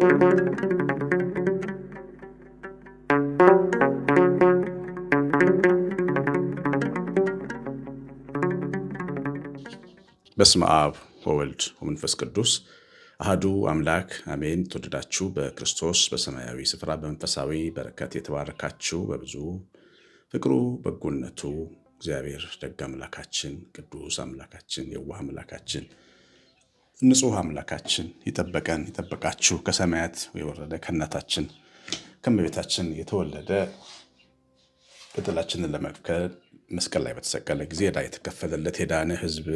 በስመ አብ ወወልድ ወመንፈስ ቅዱስ አህዱ አምላክ አሜን። ተወደዳችሁ በክርስቶስ በሰማያዊ ስፍራ በመንፈሳዊ በረከት የተባረካችሁ በብዙ ፍቅሩ በጎነቱ እግዚአብሔር ደግ አምላካችን ቅዱስ አምላካችን የዋህ አምላካችን ንጹሕ አምላካችን ይጠበቀን ይጠበቃችሁ። ከሰማያት የወረደ ከእናታችን ከእመቤታችን የተወለደ በደላችንን ለመክፈል መስቀል ላይ በተሰቀለ ጊዜ ዕዳ የተከፈለለት የዳነ ሕዝብ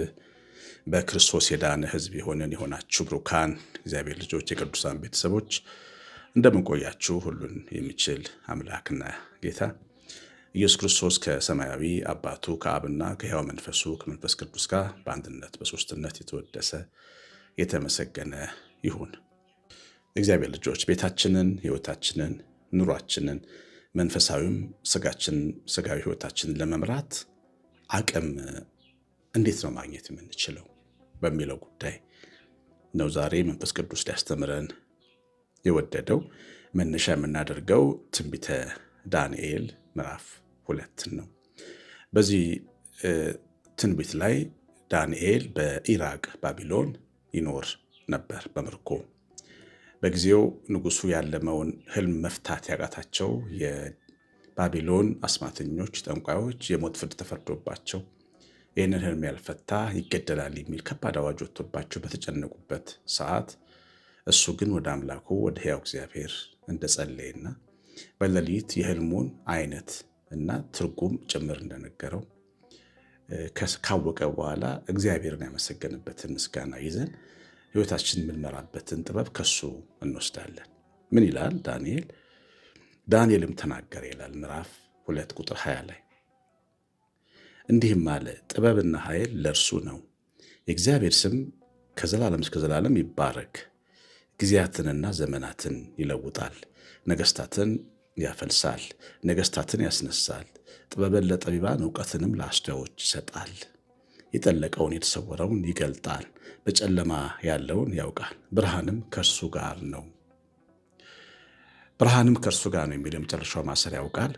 በክርስቶስ የዳነ ሕዝብ የሆነን የሆናችሁ ብሩካን እግዚአብሔር ልጆች የቅዱሳን ቤተሰቦች እንደምንቆያችሁ ሁሉን የሚችል አምላክና ጌታ ኢየሱስ ክርስቶስ ከሰማያዊ አባቱ ከአብና ከሕያው መንፈሱ ከመንፈስ ቅዱስ ጋር በአንድነት በሶስትነት የተወደሰ የተመሰገነ ይሁን። እግዚአብሔር ልጆች ቤታችንን፣ ህይወታችንን፣ ኑሯችንን መንፈሳዊም ስጋችን ስጋዊ ህይወታችንን ለመምራት አቅም እንዴት ነው ማግኘት የምንችለው በሚለው ጉዳይ ነው ዛሬ መንፈስ ቅዱስ ሊያስተምረን የወደደው። መነሻ የምናደርገው ትንቢተ ዳንኤል ምዕራፍ ሁለትን ነው። በዚህ ትንቢት ላይ ዳንኤል በኢራቅ ባቢሎን ይኖር ነበር በምርኮ። በጊዜው ንጉሱ ያለመውን ህልም መፍታት ያቃታቸው የባቢሎን አስማተኞች፣ ጠንቋዮች የሞት ፍርድ ተፈርዶባቸው ይህንን ህልም ያልፈታ ይገደላል የሚል ከባድ አዋጅ ወጥቶባቸው በተጨነቁበት ሰዓት እሱ ግን ወደ አምላኩ ወደ ሕያው እግዚአብሔር እንደጸለየና በሌሊት የህልሙን አይነት እና ትርጉም ጭምር እንደነገረው ካወቀ በኋላ እግዚአብሔርን ያመሰገንበትን ምስጋና ይዘን ህይወታችን የምንመራበትን ጥበብ ከሱ እንወስዳለን። ምን ይላል ዳንኤል? ዳንኤልም ተናገረ ይላል ምዕራፍ ሁለት ቁጥር ሀያ ላይ እንዲህም አለ፣ ጥበብና ኃይል ለእርሱ ነው። የእግዚአብሔር ስም ከዘላለም እስከ ዘላለም ይባረክ። ጊዜያትንና ዘመናትን ይለውጣል፣ ነገስታትን ያፈልሳል፣ ነገስታትን ያስነሳል፣ ጥበብን ለጠቢባን እውቀትንም ለአስተዋዮች ይሰጣል። የጠለቀውን የተሰወረውን ይገልጣል፣ በጨለማ ያለውን ያውቃል፣ ብርሃንም ከእርሱ ጋር ነው። ብርሃንም ከእርሱ ጋር ነው የሚለው የመጨረሻው ማሰሪያው ቃል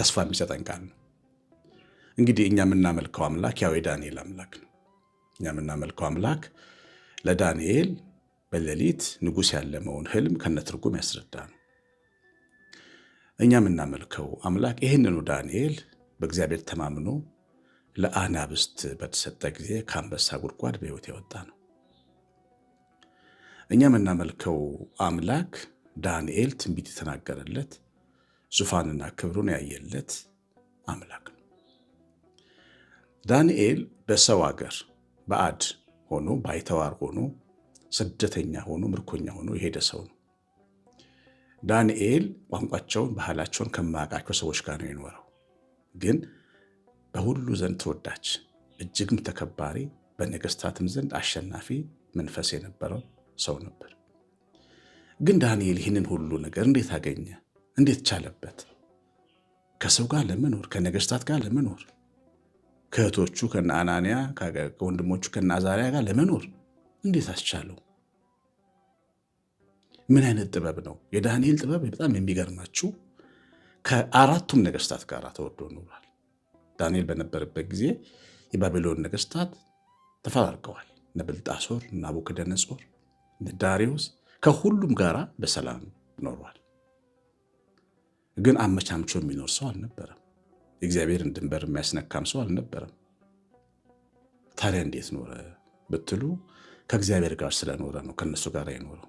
ተስፋ የሚሰጠን ቃል ነው። እንግዲህ እኛ የምናመልከው አምላክ ያው የዳንኤል አምላክ ነው። እኛ የምናመልከው አምላክ ለዳንኤል በሌሊት ንጉሥ ያለመውን ህልም ከነትርጉም ያስረዳ ነው። እኛ የምናመልከው አምላክ ይህንኑ ዳንኤል በእግዚአብሔር ተማምኖ ለአናብስት በተሰጠ ጊዜ ከአንበሳ ጉድጓድ በህይወት የወጣ ነው። እኛ የምናመልከው አምላክ ዳንኤል ትንቢት የተናገረለት ዙፋንና ክብሩን ያየለት አምላክ ነው። ዳንኤል በሰው አገር በአድ ሆኖ ባይተዋር ሆኖ ስደተኛ ሆኖ ምርኮኛ ሆኖ የሄደ ሰው ነው። ዳንኤል ቋንቋቸውን ባህላቸውን ከማውቃቸው ሰዎች ጋር ነው የኖረው። ግን በሁሉ ዘንድ ተወዳጅ እጅግም ተከባሪ በነገስታትም ዘንድ አሸናፊ መንፈስ የነበረው ሰው ነበር። ግን ዳንኤል ይህንን ሁሉ ነገር እንዴት አገኘ? እንዴት ቻለበት? ከሰው ጋር ለመኖር ከነገስታት ጋር ለመኖር ከእህቶቹ ከነ አናንያ ከወንድሞቹ ከነ አዛሪያ ጋር ለመኖር እንዴት አስቻለው? ምን አይነት ጥበብ ነው? የዳንኤል ጥበብ በጣም የሚገርማችሁ ከአራቱም ነገስታት ጋር ተወዶ ኖሯል። ዳንኤል በነበረበት ጊዜ የባቢሎን ነገስታት ተፈራርቀዋል። ነብልጣሶር፣ ናቡክደነጾር፣ ዳሪዎስ ከሁሉም ጋራ በሰላም ኖሯል። ግን አመቻምቾ የሚኖር ሰው አልነበረም። የእግዚአብሔርን ድንበር የሚያስነካም ሰው አልነበረም። ታዲያ እንዴት ኖረ ብትሉ ከእግዚአብሔር ጋር ስለኖረ ነው ከነሱ ጋር የኖረው።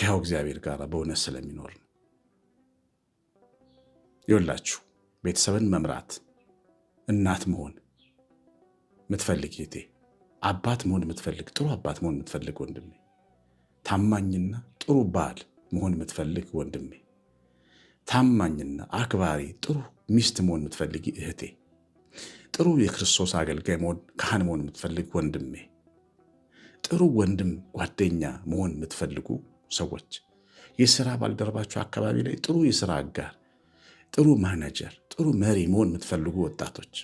ከያው እግዚአብሔር ጋር በእውነት ስለሚኖር ነው። ይወላችሁ ቤተሰብን መምራት እናት መሆን የምትፈልግ እህቴ፣ አባት መሆን የምትፈልግ ጥሩ አባት መሆን የምትፈልግ ወንድሜ፣ ታማኝና ጥሩ ባል መሆን የምትፈልግ ወንድሜ፣ ታማኝና አክባሪ ጥሩ ሚስት መሆን የምትፈልግ እህቴ፣ ጥሩ የክርስቶስ አገልጋይ መሆን ካህን መሆን የምትፈልግ ወንድሜ፣ ጥሩ ወንድም ጓደኛ መሆን የምትፈልጉ ሰዎች፣ የስራ ባልደረባችሁ አካባቢ ላይ ጥሩ የስራ አጋር፣ ጥሩ ማናጀር፣ ጥሩ መሪ መሆን የምትፈልጉ ወጣቶች፣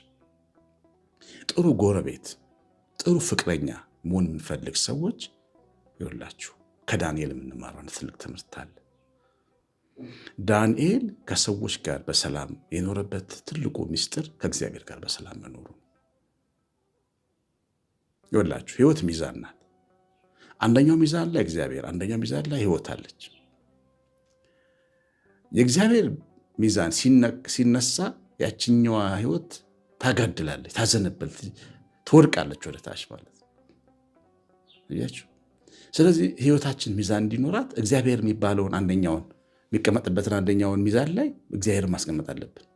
ጥሩ ጎረቤት፣ ጥሩ ፍቅረኛ መሆን የምንፈልግ ሰዎች ይወላችሁ ከዳንኤል የምንማረው ትልቅ ትምህርት አለ። ዳንኤል ከሰዎች ጋር በሰላም የኖረበት ትልቁ ምስጢር ከእግዚአብሔር ጋር በሰላም መኖሩ ይወላችሁ። ህይወት ሚዛን ናት። አንደኛው ሚዛን ላይ እግዚአብሔር፣ አንደኛው ሚዛን ላይ ህይወት አለች። የእግዚአብሔር ሚዛን ሲነሳ ያችኛዋ ህይወት ታጋድላለች፣ ታዘነበል፣ ትወድቃለች ወደ ታች ማለት እያችሁ። ስለዚህ ህይወታችን ሚዛን እንዲኖራት እግዚአብሔር የሚባለውን አንደኛውን የሚቀመጥበትን አንደኛውን ሚዛን ላይ እግዚአብሔር ማስቀመጥ አለብን።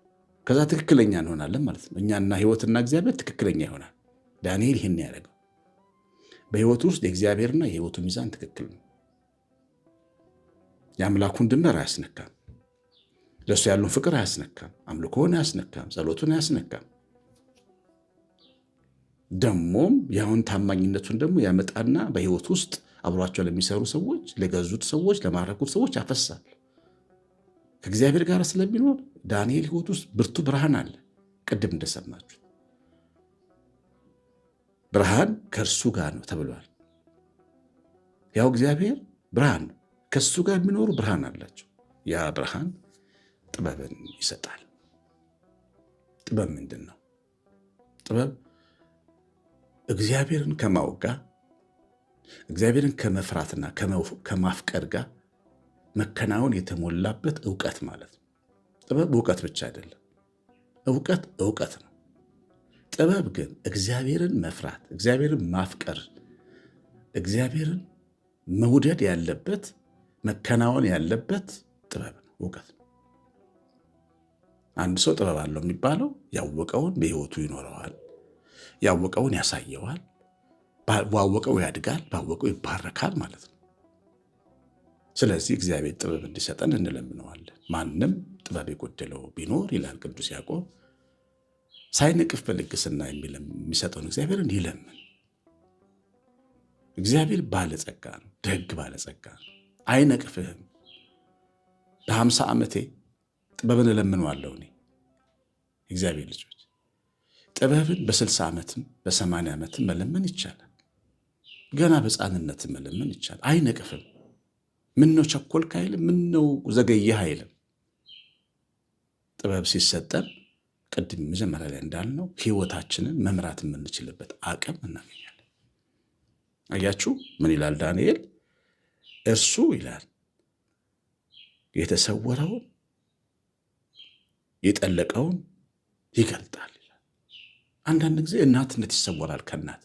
ከዛ ትክክለኛ እንሆናለን ማለት ነው። እኛና ህይወትና እግዚአብሔር ትክክለኛ ይሆናል። ዳንኤል ይህን ያደረገው በህይወቱ ውስጥ የእግዚአብሔርና የህይወቱ ሚዛን ትክክል ነው። የአምላኩን ድንበር አያስነካም። ለእሱ ያለውን ፍቅር አያስነካም። አምልኮውን አያስነካም። ጸሎቱን አያስነካም። ደግሞም ያሁን ታማኝነቱን ደግሞ ያመጣና በህይወት ውስጥ አብሯቸው ለሚሰሩ ሰዎች፣ ለገዙት ሰዎች፣ ለማረኩት ሰዎች ያፈሳል። ከእግዚአብሔር ጋር ስለሚኖር ዳንኤል ህይወት ውስጥ ብርቱ ብርሃን አለ። ቅድም እንደሰማችሁ ብርሃን ከእርሱ ጋር ነው ተብሏል። ያው እግዚአብሔር ብርሃን ነው። ከእሱ ጋር የሚኖሩ ብርሃን አላቸው። ያ ብርሃን ጥበብን ይሰጣል። ጥበብ ምንድን ነው? ጥበብ እግዚአብሔርን ከማወጋ እግዚአብሔርን ከመፍራትና ከማፍቀር ጋር መከናወን የተሞላበት እውቀት ማለት ነው። ጥበብ እውቀት ብቻ አይደለም። እውቀት እውቀት ነው። ጥበብ ግን እግዚአብሔርን መፍራት፣ እግዚአብሔርን ማፍቀር፣ እግዚአብሔርን መውደድ ያለበት መከናወን ያለበት ጥበብ ነው፣ እውቀት ነው። አንድ ሰው ጥበብ አለው የሚባለው ያወቀውን በህይወቱ ይኖረዋል፣ ያወቀውን ያሳየዋል፣ ባወቀው ያድጋል፣ ባወቀው ይባረካል ማለት ነው። ስለዚህ እግዚአብሔር ጥበብ እንዲሰጠን እንለምነዋለን። ማንም ጥበብ የጎደለው ቢኖር ይላል ቅዱስ ያዕቆብ ሳይንቅፍ በልግስና የሚሰጠውን እግዚአብሔርን ይለምን። እግዚአብሔር ባለጸጋ ነው፣ ደግ ባለጸጋ ነው፣ አይነቅፍህም። ለሀምሳ ዓመቴ ጥበብን እለምነዋለሁ እኔ እግዚአብሔር ልጆች ጥበብን በስልሳ ዓመትም በሰማንያ ዓመትም መለመን ይቻላል። ገና በሕፃንነትም መለመን ይቻላል። አይነቅፍም። ምነው ቸኮልክ አይልም። ምነው ዘገየህ አይልም። ጥበብ ሲሰጠን ቅድም መጀመሪያ ላይ እንዳልነው ህይወታችንን መምራት የምንችልበት አቅም እናገኛለን። አያችሁ ምን ይላል ዳንኤል? እርሱ ይላል የተሰወረውን የጠለቀውን ይገልጣል ይላል። አንዳንድ ጊዜ እናትነት ይሰወራል። ከእናት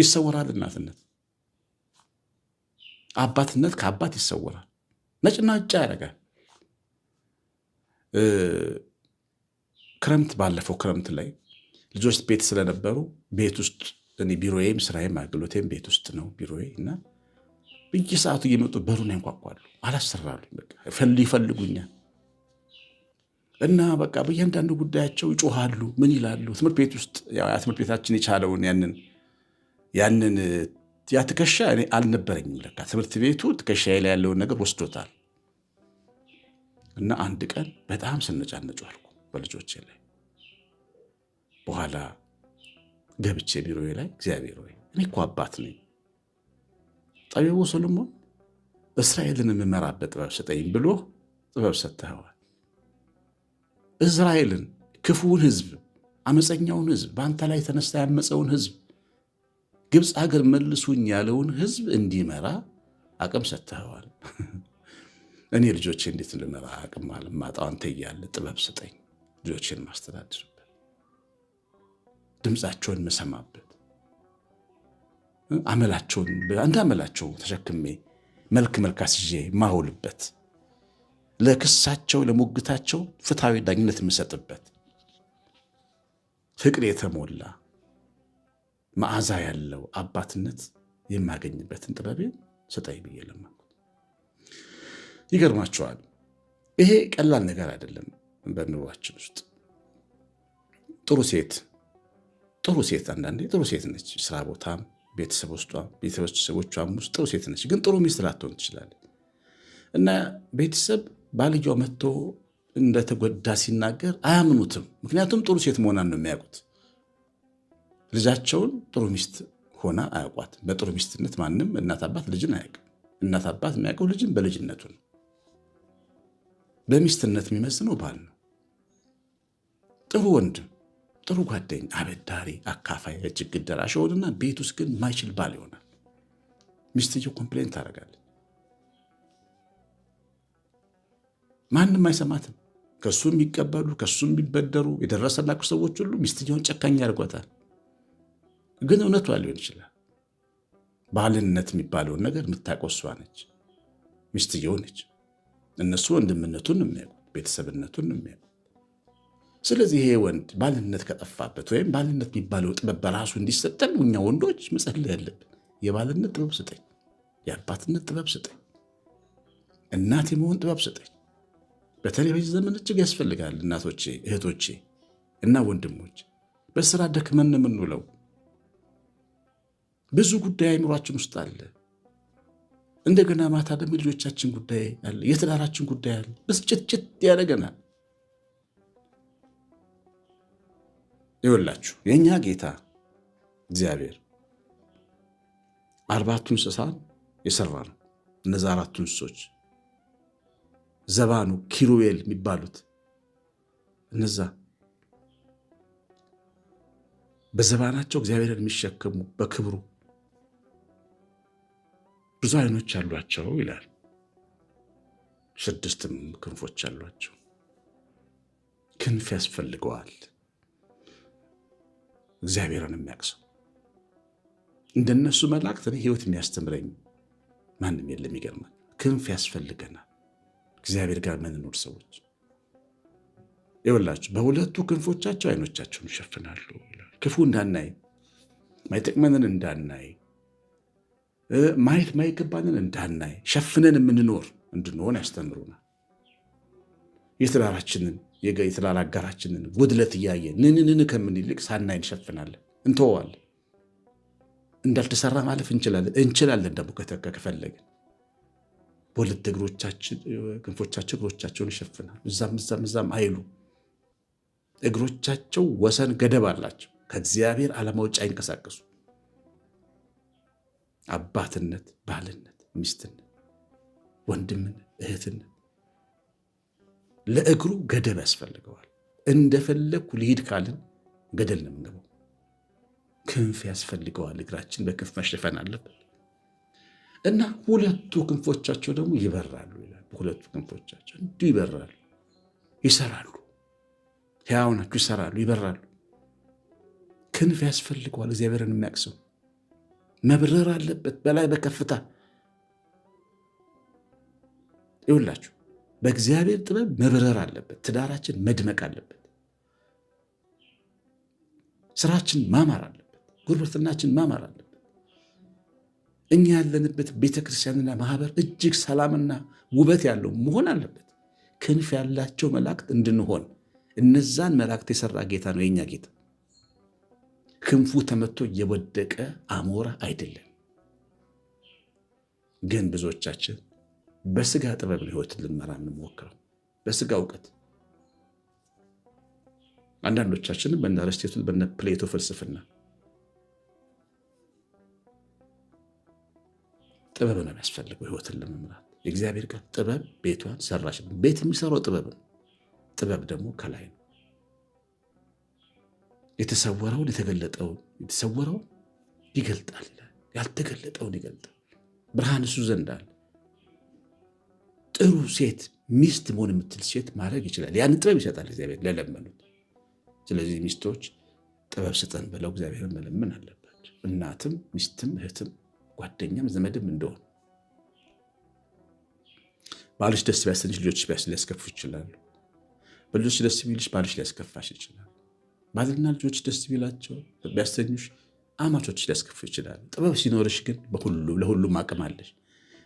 ይሰወራል እናትነት። አባትነት ከአባት ይሰወራል። ነጭና ነጭናጫ ያደርጋል። ክረምት ባለፈው ክረምት ላይ ልጆች ቤት ስለነበሩ ቤት ውስጥ እኔ ቢሮዬም ስራዬም አገልግሎቴም ቤት ውስጥ ነው ቢሮዬ እና በየሰዓቱ እየመጡ በሩን ያንኳኳሉ። አላሰራሉ ይፈልጉኛል እና በቃ በእያንዳንዱ ጉዳያቸው ይጮሃሉ። ምን ይላሉ? ትምህርት ቤት ውስጥ ትምህርት ቤታችን የቻለውን ያንን ያንን ያ ትከሻ አልነበረኝም። ለካ ትምህርት ቤቱ ትከሻ ላይ ያለውን ነገር ወስዶታል። እና አንድ ቀን በጣም ስነጫነጩ አልኩ በልጆቼ ላይ። በኋላ ገብቼ ቢሮ ላይ እግዚአብሔር ወይ እኔ እኮ አባት ነኝ፣ ጠቢቡ ሰሎሞን እስራኤልን የምመራበት ጥበብ ስጠኝ ብሎ ጥበብ ሰጥተኸዋል። እስራኤልን ክፉውን ህዝብ አመፀኛውን ህዝብ በአንተ ላይ ተነስታ ያመፀውን ህዝብ ግብፅ ሀገር መልሱኝ ያለውን ህዝብ እንዲመራ አቅም ሰጥተኸዋል። እኔ ልጆቼ እንዴት ልመራ አቅም አልማጣው አንተ እያለ ጥበብ ስጠኝ፣ ልጆቼን ማስተዳድርበት፣ ድምፃቸውን መሰማበት፣ አመላቸውን እንደ አመላቸው ተሸክሜ መልክ መልክ አስዤ ማውልበት፣ ለክሳቸው ለሙግታቸው ፍትሐዊ ዳኝነት የምሰጥበት፣ ፍቅር የተሞላ መዓዛ ያለው አባትነት የማገኝበትን ጥበቤን ስጠኝ ብዬ ለማ ይገርማቸዋል። ይሄ ቀላል ነገር አይደለም። በኑሯችን ውስጥ ጥሩ ሴት ጥሩ ሴት አንዳንዴ ጥሩ ሴት ነች፣ ስራ ቦታም ቤተሰብ ውስጧ ቤተሰቦቿም ውስጥ ጥሩ ሴት ነች፣ ግን ጥሩ ሚስት ላትሆን ትችላለች። እና ቤተሰብ ባልየው መጥቶ እንደተጎዳ ሲናገር አያምኑትም። ምክንያቱም ጥሩ ሴት መሆናን ነው የሚያውቁት። ልጃቸውን ጥሩ ሚስት ሆና አያውቋት። በጥሩ ሚስትነት ማንም እናት አባት ልጅን አያውቅም። እናት አባት የሚያውቀው ልጅን በልጅነቱ ነው። በሚስትነት የሚመዝነው ባል ነው። ጥሩ ወንድም፣ ጥሩ ጓደኝ አበዳሪ፣ አካፋይ፣ ችግር ደራሽ ሆንና ቤት ውስጥ ግን ማይችል ባል ይሆናል። ሚስትየው ኮምፕሌንት ታደርጋለች። ማንም አይሰማትም። ከሱ የሚቀበሉ ከሱ የሚበደሩ የደረሰላቸው ሰዎች ሁሉ ሚስትየውን ጨካኝ ያደርጓታል። ግን እውነቷ ሊሆን ይችላል። ባልነት የሚባለውን ነገር የምታቆሷ ነች፣ ሚስትየው ነች። እነሱ ወንድምነቱን የሚያውቁ ቤተሰብነቱን የሚያውቁ ስለዚህ ይሄ ወንድ ባልነት ከጠፋበት ወይም ባልነት የሚባለው ጥበብ በራሱ እንዲሰጠን እኛ ወንዶች መጸለይ ያለብን የባልነት ጥበብ ስጠኝ፣ የአባትነት ጥበብ ስጠኝ፣ እናት የመሆን ጥበብ ስጠኝ። በተለይ በዚህ ዘመን እጅግ ያስፈልጋል። እናቶቼ፣ እህቶቼ እና ወንድሞች በስራ ደክመን የምንውለው ብዙ ጉዳይ አይምሯችን ውስጥ አለ። እንደገና ማታ ደግሞ ጉዳይ አለ፣ የትዳራችን ጉዳይ አለ። ብስጭትጭት ያደረገናል። ይወላችሁ የእኛ ጌታ እግዚአብሔር አርባቱ እንስሳን የሰራ ነው። እነዛ አራቱ እንስሶች ዘባኑ፣ ኪሩቤል የሚባሉት እነዛ በዘባናቸው እግዚአብሔርን የሚሸከሙ በክብሩ ብዙ አይኖች አሏቸው ይላል። ስድስትም ክንፎች አሏቸው። ክንፍ ያስፈልገዋል እግዚአብሔርን የሚያቅሰው እንደነሱ መላእክት እኔ ህይወት የሚያስተምረኝ ማንም የለም። ይገርማል። ክንፍ ያስፈልገናል እግዚአብሔር ጋር ምንኖር ሰዎች ይወላችሁ በሁለቱ ክንፎቻቸው አይኖቻቸውን ይሸፍናሉ። ክፉ እንዳናይ ማይጠቅመንን እንዳናይ ማየት ማይገባንን እንዳናይ ሸፍነን የምንኖር እንድንሆን ያስተምሩናል። የትዳራችንን የትዳር አጋራችንን ጉድለት እያየን ንንንን ከምን ይልቅ ሳናይ እንሸፍናለን፣ እንተወዋለን። እንዳልተሰራ ማለፍ እንችላለን እንችላለን ደግሞ ከፈለግን በሁለት ክንፎቻቸው እግሮቻቸውን ይሸፍናል። እዛም እዛም እዛም አይሉ እግሮቻቸው ወሰን ገደብ አላቸው። ከእግዚአብሔር አለማውጫ ይንቀሳቀሱ አይንቀሳቀሱ። አባትነት፣ ባልነት፣ ሚስትነት፣ ወንድምነት፣ እህትነት ለእግሩ ገደብ ያስፈልገዋል። እንደፈለግኩ ሊሄድ ካልን ገደል ነው የምንገባው። ክንፍ ያስፈልገዋል። እግራችን በክንፍ መሸፈን አለብን እና ሁለቱ ክንፎቻቸው ደግሞ ይበራሉ ይላል። ሁለቱ ክንፎቻቸው እንዲ ይበራሉ፣ ይሰራሉ፣ ሕያው ናቸው፣ ይሰራሉ፣ ይበራሉ። ክንፍ ያስፈልገዋል። እግዚአብሔርን የሚያቅሰው መብረር አለበት በላይ በከፍታ ይውላችሁ በእግዚአብሔር ጥበብ መብረር አለበት። ትዳራችን መድመቅ አለበት። ስራችን ማማር አለበት። ጉርብትናችን ማማር አለበት። እኛ ያለንበት ቤተክርስቲያንና ማህበር እጅግ ሰላምና ውበት ያለው መሆን አለበት። ክንፍ ያላቸው መላእክት እንድንሆን እነዛን መላእክት የሰራ ጌታ ነው የኛ ጌታ። ክንፉ ተመቶ የወደቀ አሞራ አይደለም። ግን ብዙዎቻችን በስጋ ጥበብ ነው ህይወት ልንመራ የምንሞክረው፣ በስጋ እውቀት። አንዳንዶቻችንም በነ አርስቴቱ በነ ፕሌቶ ፍልስፍና ጥበብ ነው የሚያስፈልገው ህይወትን ለመምራት። የእግዚአብሔር ቃል ጥበብ ቤቷን ሰራች። ቤት የሚሰራው ጥበብ ነው። ጥበብ ደግሞ ከላይ ነው። የተሰወረውን የተገለጠው የተሰወረው ይገልጣል ይላል። ያልተገለጠውን ይገልጣል። ብርሃን እሱ ዘንድ አለ። ጥሩ ሴት ሚስት መሆን የምትል ሴት ማድረግ ይችላል። ያን ጥበብ ይሰጣል እግዚአብሔር ለለመኑት። ስለዚህ ሚስቶች ጥበብ ስጠን ብለው እግዚአብሔርን መለመን አለባቸው። እናትም ሚስትም እህትም ጓደኛም ዘመድም እንደሆነ ባልሽ ደስ ቢያሰኝሽ ልጆች ቢያስ ሊያስከፉ ይችላሉ። በልጆች ደስ ቢልሽ ባልሽ ሊያስከፋሽ ይችላል። ባልና ልጆች ደስ ቢላቸው ቢያሰኙሽ፣ አማቾች ሊያስከፉ ይችላል። ጥበብ ሲኖርሽ ግን ለሁሉም አቅም አለሽ።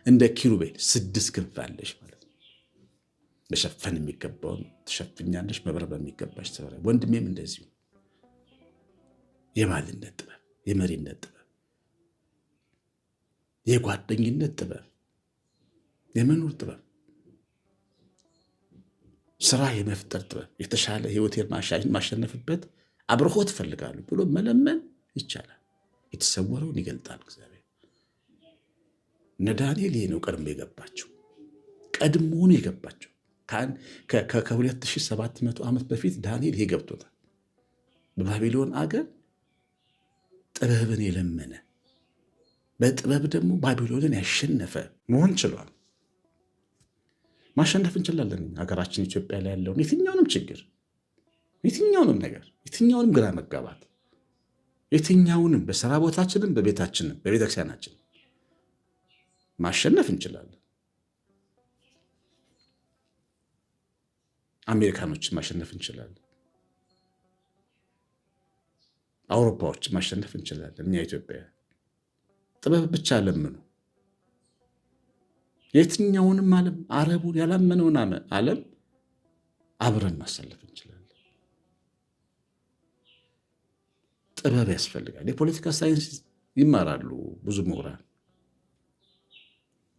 እንደ ኪሩቤል ስድስት ክንፍ አለሽ ማለት ነው። መሸፈን የሚገባውን ትሸፍኛለሽ፣ መብረር በሚገባሽ ትበረ። ወንድሜም እንደዚሁ የባልነት ጥበብ፣ የመሪነት ጥበብ፣ የጓደኝነት ጥበብ፣ የመኖር ጥበብ፣ ስራ የመፍጠር ጥበብ፣ የተሻለ ህይወት ማሸነፍበት አብርሆት ትፈልጋሉ ብሎ መለመን ይቻላል። የተሰወረውን ይገልጣል እግዚአብሔር። እነ ዳንኤል ይሄ ነው ቀድሞ የገባቸው ቀድሞውን የገባቸው ከ2700 ዓመት በፊት ዳንኤል ይሄ ገብቶታል። በባቢሎን አገር ጥበብን የለመነ በጥበብ ደግሞ ባቢሎንን ያሸነፈ መሆን ችሏል። ማሸነፍ እንችላለን። ሀገራችን ኢትዮጵያ ላይ ያለውን የትኛውንም ችግር የትኛውንም ነገር የትኛውንም ግራ መጋባት የትኛውንም በስራ ቦታችንም በቤታችንም በቤተክርስቲያናችን ማሸነፍ እንችላለን። አሜሪካኖችን ማሸነፍ እንችላለን። አውሮፓዎችን ማሸነፍ እንችላለን። እኛ ኢትዮጵያ ጥበብ ብቻ ለምኑ። የትኛውንም ዓለም አረቡን ያላመነውን ዓለም አብረን ማሰለፍ እንችላለን። ጥበብ ያስፈልጋል። የፖለቲካ ሳይንስ ይማራሉ ብዙ ምሁራን።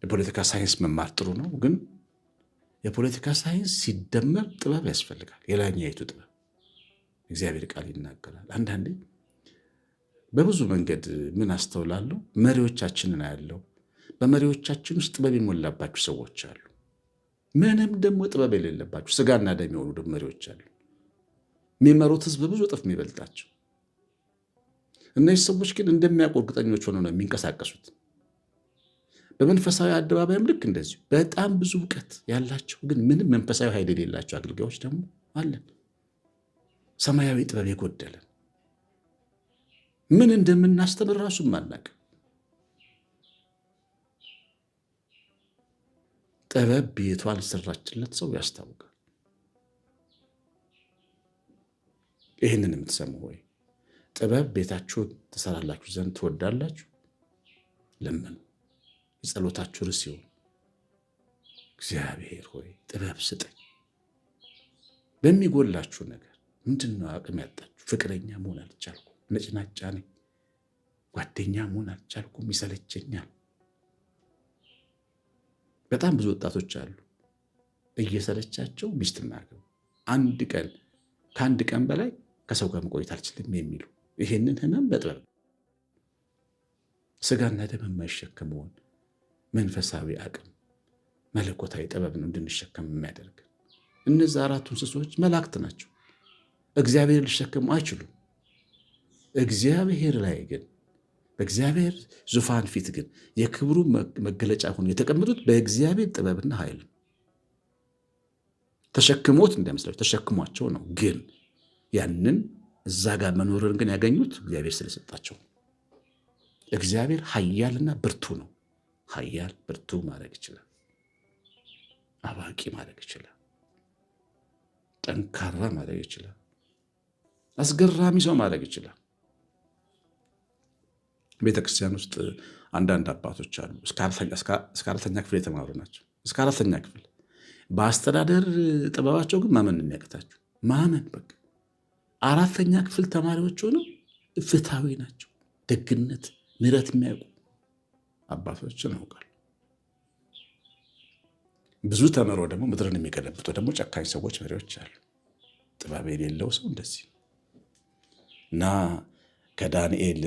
የፖለቲካ ሳይንስ መማር ጥሩ ነው፣ ግን የፖለቲካ ሳይንስ ሲደመር ጥበብ ያስፈልጋል። ይቱ ጥበብ እግዚአብሔር ቃል ይናገራል። አንዳንዴ በብዙ መንገድ ምን አስተውላለሁ፣ መሪዎቻችንን አያለው። በመሪዎቻችን ውስጥ ጥበብ የሞላባቸው ሰዎች አሉ። ምንም ደግሞ ጥበብ የሌለባቸው ስጋና ደም የሆኑ መሪዎች አሉ። የሚመሩት ህዝብ ብዙ እጥፍ የሚበልጣቸው እነዚህ ሰዎች ግን እንደሚያውቁ እርግጠኞች ሆነው ነው የሚንቀሳቀሱት። በመንፈሳዊ አደባባይም ልክ እንደዚሁ በጣም ብዙ እውቀት ያላቸው ግን ምንም መንፈሳዊ ኃይል የሌላቸው አገልጋዮች ደግሞ አለን። ሰማያዊ ጥበብ የጎደለን ምን እንደምናስተምር ራሱም አናውቅ። ጥበብ ቤቷን ሰራችለት ሰው ያስታውቃል። ይህንን የምትሰሙ ወይ? ጥበብ ቤታችሁን ትሰራላችሁ ዘንድ ትወዳላችሁ። ለምኑ፣ የጸሎታችሁ ርስ ይሁን። እግዚአብሔር ሆይ ጥበብ ስጠኝ። በሚጎላችሁ ነገር ምንድነው? አቅም ያጣችሁ ፍቅረኛ መሆን አልቻልኩም፣ ነጭናጫ ነኝ፣ ጓደኛ መሆን አልቻልኩም፣ ይሰለቸኛል። በጣም ብዙ ወጣቶች አሉ እየሰለቻቸው ሚስት አንድ ቀን ከአንድ ቀን በላይ ከሰው ጋር መቆየት አልችልም የሚሉ ይህንን ህመም በጥበብ ስጋና ደም የማይሸከመውን መንፈሳዊ አቅም መለኮታዊ ጥበብ ነው እንድንሸከም የሚያደርግ። እነዚህ አራቱ እንስሶች መላእክት ናቸው። እግዚአብሔር ሊሸከሙ አይችሉም። እግዚአብሔር ላይ ግን በእግዚአብሔር ዙፋን ፊት ግን የክብሩ መገለጫ ሆኖ የተቀመጡት በእግዚአብሔር ጥበብና ኃይል ተሸክሞት እንዳይመስላችሁ ተሸክሟቸው ነው ግን ያንን እዛ ጋር መኖርን ግን ያገኙት እግዚአብሔር ስለሰጣቸው። እግዚአብሔር ኃያልና ብርቱ ነው። ኃያል ብርቱ ማድረግ ይችላል። አዋቂ ማድረግ ይችላል። ጠንካራ ማድረግ ይችላል። አስገራሚ ሰው ማድረግ ይችላል። ቤተክርስቲያን ውስጥ አንዳንድ አባቶች አሉ፣ እስከ አራተኛ ክፍል የተማሩ ናቸው። እስከ አራተኛ ክፍል በአስተዳደር ጥበባቸው ግን ማመን የሚያቅታቸው ማመን በቃ አራተኛ ክፍል ተማሪዎች ሆነው ፍትሐዊ ናቸው። ደግነት፣ ምሕረት የሚያውቁ አባቶችን አውቃል። ብዙ ተምሮ ደግሞ ምድርን የሚገለብጡ ደግሞ ጨካኝ ሰዎች መሪዎች አሉ። ጥበብ የሌለው ሰው እንደዚህ እና ከዳንኤል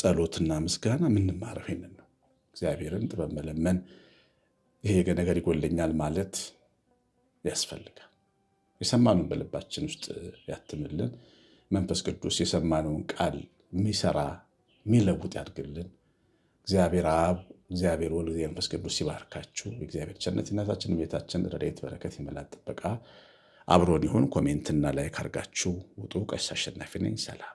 ጸሎትና ምስጋና የምንማረው ይህንን ነው። እግዚአብሔርን ጥበብ መለመን ይሄ ነገር ይጎለኛል ማለት ያስፈልጋል። የሰማነውን በልባችን ውስጥ ያትምልን። መንፈስ ቅዱስ የሰማነውን ቃል የሚሰራ የሚለውጥ ያድግልን። እግዚአብሔር አብ፣ እግዚአብሔር ወልድ፣ መንፈስ ቅዱስ ይባርካችሁ። የእግዚአብሔር ቸነት እናታችን ቤታችን ረድኤት በረከት ይመላል ጥበቃ አብሮን ይሁን። ኮሜንትና ላይክ አድርጋችሁ ውጡ። ቀሲስ አሸናፊ ነኝ። ሰላም